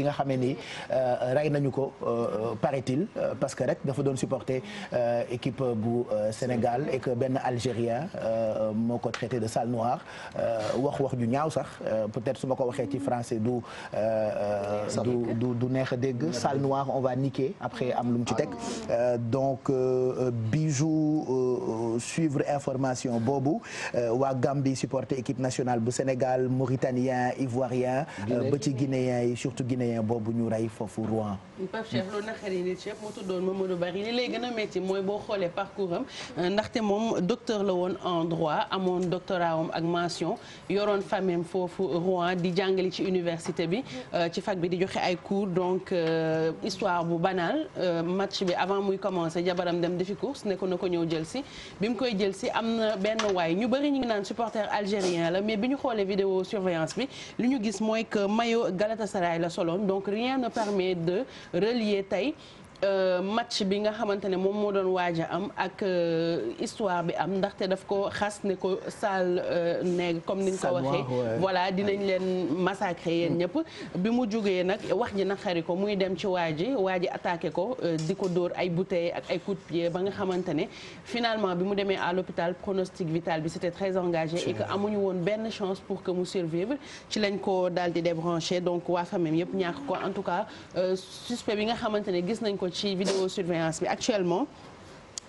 bi nga xamee ni euh, rey nañu ko euh, euh, paraît-il parce que rek dafa doon supporter équipe bu Sénégal e que benn Algérien moo ko traité de sale noire wax wax ju ñaaw sax peut-être su ma ko waxee ci français du du du du neex dégg sale noire on va niquer après am lu mu ci teg donc bijou suivre information boobu waa Gambie supporter équipe nationale bu Sénégal mauritanien ivoirien ba guinéen yi surtout guinéen citoyen boobu ñu rey foofu Rouen. Pape Cheikh loolu naqari nit Cheikh mu tuddoon Mamadou Barry li mooy boo xoolee parcours euh, ndaxte moom docteur la woon en droit amoon doctorat am ak mention yoroon famem foofu Rouen di jàngale ci université bi euh, ci fag bi di joxe ay cours donc euh, histoire bu banal match bi avant muy commencé jabaram dem defi course ne ko na ko ñëw jël si bi mu koy jël si am na benn waay ñu bëri ñu ngi naan supporter algérien la mais bi ñu xoolee vidéo surveillance bi li ñu gis mooy que maillot Galatasaray la solo donc rien ne permet de relier tey Euh, match bi nga xamante ne moom moo doon waaja a am ak euh, histoire bi am ndaxte daf ko xas ne ko sale euh, nègre comme ni nga ko waxee voilà dinañ leen massacrer yéen ñëpp bi mu jógee nag wax ji naqari ko muy dem ci waa ji waa ji attaqué ko di ko dóor ay bouteille ak ay coup pied ba nga xamante ne finalement bi mu demee à l'hôpital pronostic vital bi c'était très engagé et que amuñu woon benn chance pour que mu survivre ci lañ ko daal di débranché donc waa famille yëpp ñàkk ko en tout cas suspect ci vidéo surveillance bi actuellement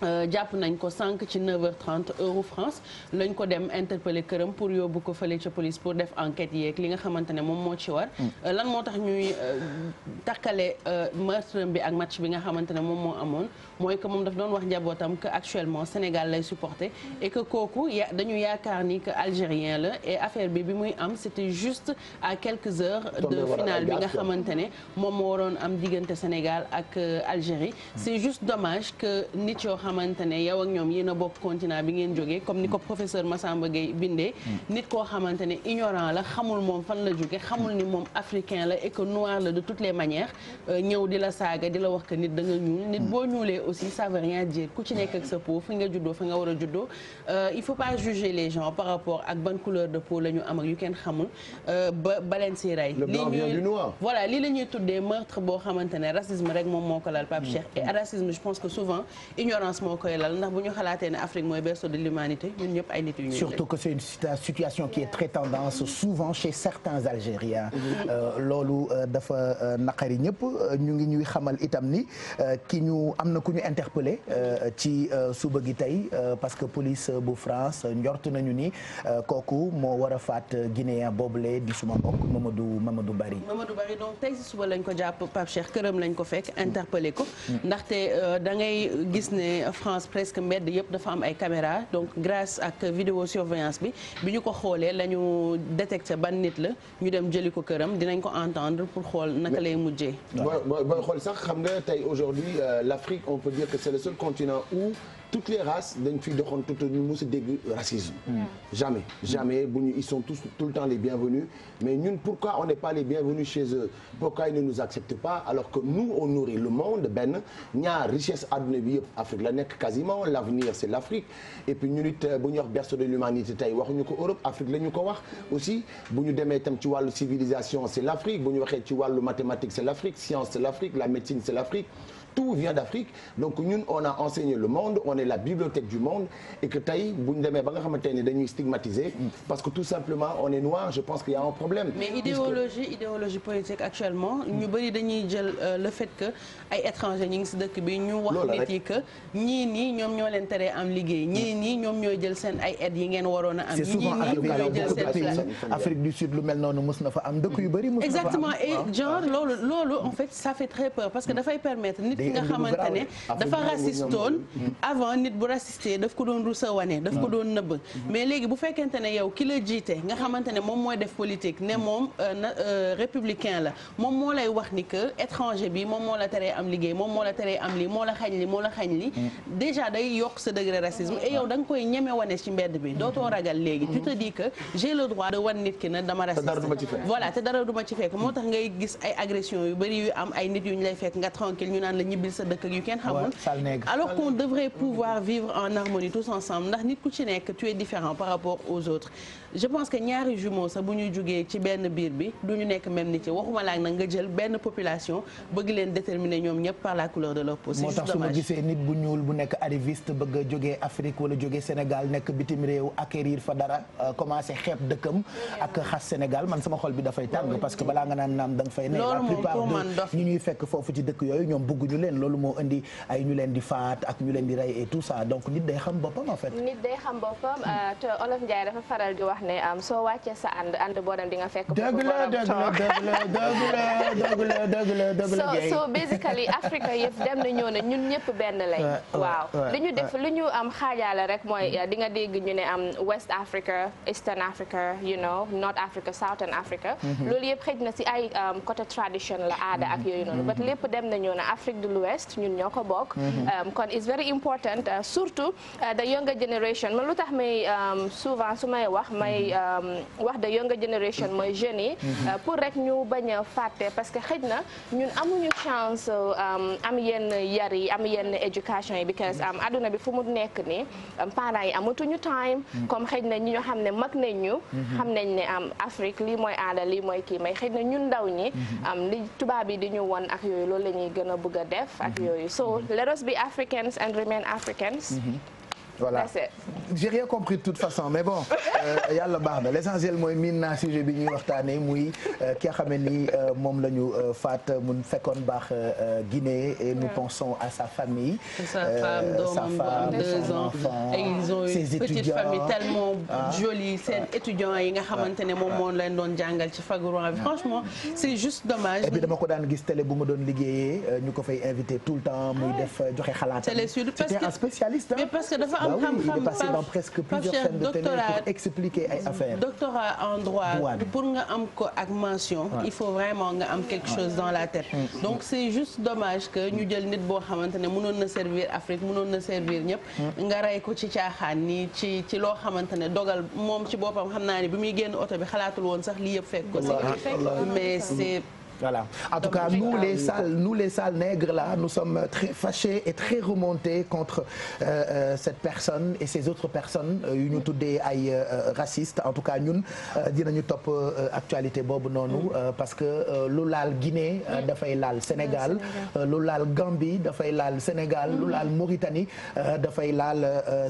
Euh, jàpp nañ ko sànq ci 9h30 heure France lañ ko dem interpeller këram pour yóbbu ko fële ca police pour def enquête yeeg li nga xamante ne moom moo ci war. Mm. Euh, lan moo tax ñuy euh, takkale meurtre bi ak match bi nga xamante ne moom moo amoon mooy que moom daf doon wax njabootam que actuellement Sénégal lay supporter et que kooku ya dañu yaakaar ni que algérien la et affaire bi bi muy am c'était juste à quelques heures. de finale bi nga xamante ne moom moo waroon am diggante Sénégal ak Algérie. Mm. xamante ne yow ak ñoom yéen a bokk continent bi ngeen jógee comme ni ko professeur Massamba Gueye bindee mm. nit koo xamante ne ignorant la xamul moom fan la jóge xamul ni moom africain la et que la de toutes les manières euh, ñëw di la saaga di la wax que nit da nga ñuul nit mm. boo ñuulee aussi ça veut rien dire ku ci nekk ak sa peau fi nga juddoo fi nga war a juddoo euh, il faut pas juger les gens par rapport ak ban couleur de po la ñu am ak yu kenn xamul euh, ba baleen si rey li ñuy voilà lii la ñuy tuddee meurtre ne racisme rek moo ko laal France moo koy lal ndax bu ñu xalaatee ne Afrique mooy berceau de l'humanité ñun ñëpp ay nit ñu mm-hmm. euh, loolu euh, dafa euh, naqari ñëpp ñu ngi ñuy xamal itam ni ki ñu am na ku ñu interpellé ci suba gi tey parce que police bu France njort nañu ni kooku moo war a faat guinéen boobule di suma mbokk Mamadou Mamadou Bari du Bari donc tey si suba lañ ko jàpp Pape këram lañ ko fekk interpellé ko mm. ndaxte da gis ne France presque mbedd yëpp dafa am ay caméra donc grâce ak vidéo surveillance bi bi ñu ko xoolee la ñu détecté ban nit la ñu dem jëli ko këram dinañ ko entendre pour xool naka lay mujjee. booy xool sax xam nga tey aujourd'hui euh, l'Afrique on peut dire que c'est le seul continent où toutes les races dañ fiy doxoon tout ñu mës a dégg racisme mm. jamais jamais bu ñu ils sont tout le temps les bienvenus mais ñun pourquoi on n'est pas les bienvenus chez eux pourquoi ne nous acceptent pas alors que nous benn ñaar richesse adduna nekk quasiment l'avenir c'est l'Afrique et puis ñu nit euh, bu ñu wax berceau de l'humanité tey waxuñu ko Europe Afrique la ñu ko wax aussi bu ñu demee itam ci wàllu civilisation c'est l'Afrique bu ñu waxee ci wàllu mathématique c'est l'Afrique science c'est l'Afrique la médecine c'est l'Afrique tout vient d'Afrique donc ñun on a enseigné le monde on est la bibliothèque du monde et que tey bu ñu demee ba nga xamante ne dañuy stigmatiser parce que tout simplement on est noir je pense qu'il y a un problème mais idéologie politique actuellement ñu bëri dañuy jël euh, le fait que ay étrangers ñi ngi si dëkk bi ñu am liggéey ñii mm. nii ñoom ñooy jël seen ay aides yi ngeen waroon a am c'est souvent am dëkk yu bëri mës na fa am exactement et ah. genre loolu loolu en fait ça fait très peur nga xamante ne dafa rasistoon avant nit bu rasistee daf ko doon rusa wane daf ko mm-hmm. doon nëbb mm-hmm. mais léegi bu fekkente ne yow ki la jiite nga xamante ne moom mooy def politique ne mm-hmm. moom euh, euh, républicain la moom moo lay wax ni que étranger bi moom moo la teree am liggéey moo la li moo la xañ li moo la xañ li déjà day yokk sa degré racisme et yow da koy ñeme wane ci mbedd bi dootoo ragal léegi tu te dis que j'ai le droit de wan nit ki na dama raciste voilà te dara ñibbil sa en harmonie tous ensemble ndax nit ku ci nekk tu es différent par rapport aux autres bi du ñu nekk même nit yi waxuma nga jël benn population bëgg leen déterminer ñoom ñëpp de leur peau moo tax su ma nit bu ñuul bu nekk arriviste bëgg a jógee Afrique wala jógee Sénégal nekk bitim réew acquérir fa dara euh, commencé xeeb dëkkam ak xas Sénégal man sama xol bi dafay tàng parce que balaa nga naan naam da nga fay ne la plupart de ñi ñuy fekk foofu ci dëkk yooyu ñoom bëgguñu leen loolu moo indi ay ñu leen di faat ak ñu leen di rey et tout ça donc nit day xam boppam en fait. nit day xam boppam euh, te Olof Ndiaye dafa faral di wax ne am soo wàccee sa ànd ànd boo dem di nga fekk. dëgg la dëgg la dëgg la dëgg la dëgg la dem na ñëw na ñun ñëpp benn lañ. waaw li ñu def li ñu am xaajaale rek mooy mm-hmm. di nga dégg ñu ne am West Africa Eastern Africa you know North Africa Southern Africa. Mm-hmm. loolu yëpp xëj na si ay côté tradition la aada ak mm-hmm. yooyu noonu. but lépp dem na ñëw na l'ouest ñun ñoo ko bokk mhm. um, kon it's very important uh, surtout uh, the younger generation ma lu tax may um, souvent su may wax may mhm. um, wax the younger generation mhm. mooy jeunes yi uh, pour rek ñu bañ a fàtte parce que xëj na ñun amuñu chance am yenn yar yi am yenn éducation yi because adduna bi fu mu nekk ni parents yi amatuñu time comme xëj na ñi xam ne mag nañ ñu xam nañ ne am Afrique lii mooy aada lii mooy kii may xëj na ñun ndaw ñi tubaab yi di ñu won ak yooyu loolu a def ak mhm. yooyu so mhm. let us be Africans and remain Africans. Mhm. voilà j'ai rien compris de toute façon mais bon euh, yàlla baax na l'essentiel mooy miin naa sujet bi ñuy waxtaanee muy euh, ki nga xam ne ni euh, moom la ñu fat mu fekkoon baax Guinée et nous pensons à sa famille. sa femme doomam bu am deux ans et ils ah. jolie ah. seen étudiants yi nga ah. xamante ne moom moo leen doon jàngal ci fagura e franchement c'est juste dommage. et puis dama ko daan gis télé bu ma doon liggéeyee ñu ko fay invité tout le temps muy def joxe xalaat. télé sud parce que c'était un spécialiste. mais parce que dafa am xam-xam dans presque plusieurs chaînes de télé pour expliquer ay doctorat en droit pour nga am ko ak mention. il faut vraiment nga am quelque chose dans la tête. Mm. donc c'est juste dommage que ñu jël nit boo xamante ne mënoon na servir Afrique mënoon na servir ñëpp. Mm. nga rey ko ci caaxaan ni ci ci loo xamante ne dogal moom ci boppam xam naa ne bi muy génn oto bi xalaatul woon sax lii yëpp fekk ko. mais c'est voilà en tout cas nous les sales nous les sales nègres là nous sommes très fâchés et très remontés contre euh, euh, cette personne et ces autres personnes euh, yu ñu tuddee ay racistes en tout cas ñun dinañu topp actualité boobu noonu mm. parce que lu laal Guinée mm. dafay laal Sénégal lu laal Gambie dafay laal Sénégal lu mm. laal Mauritanie dafay laal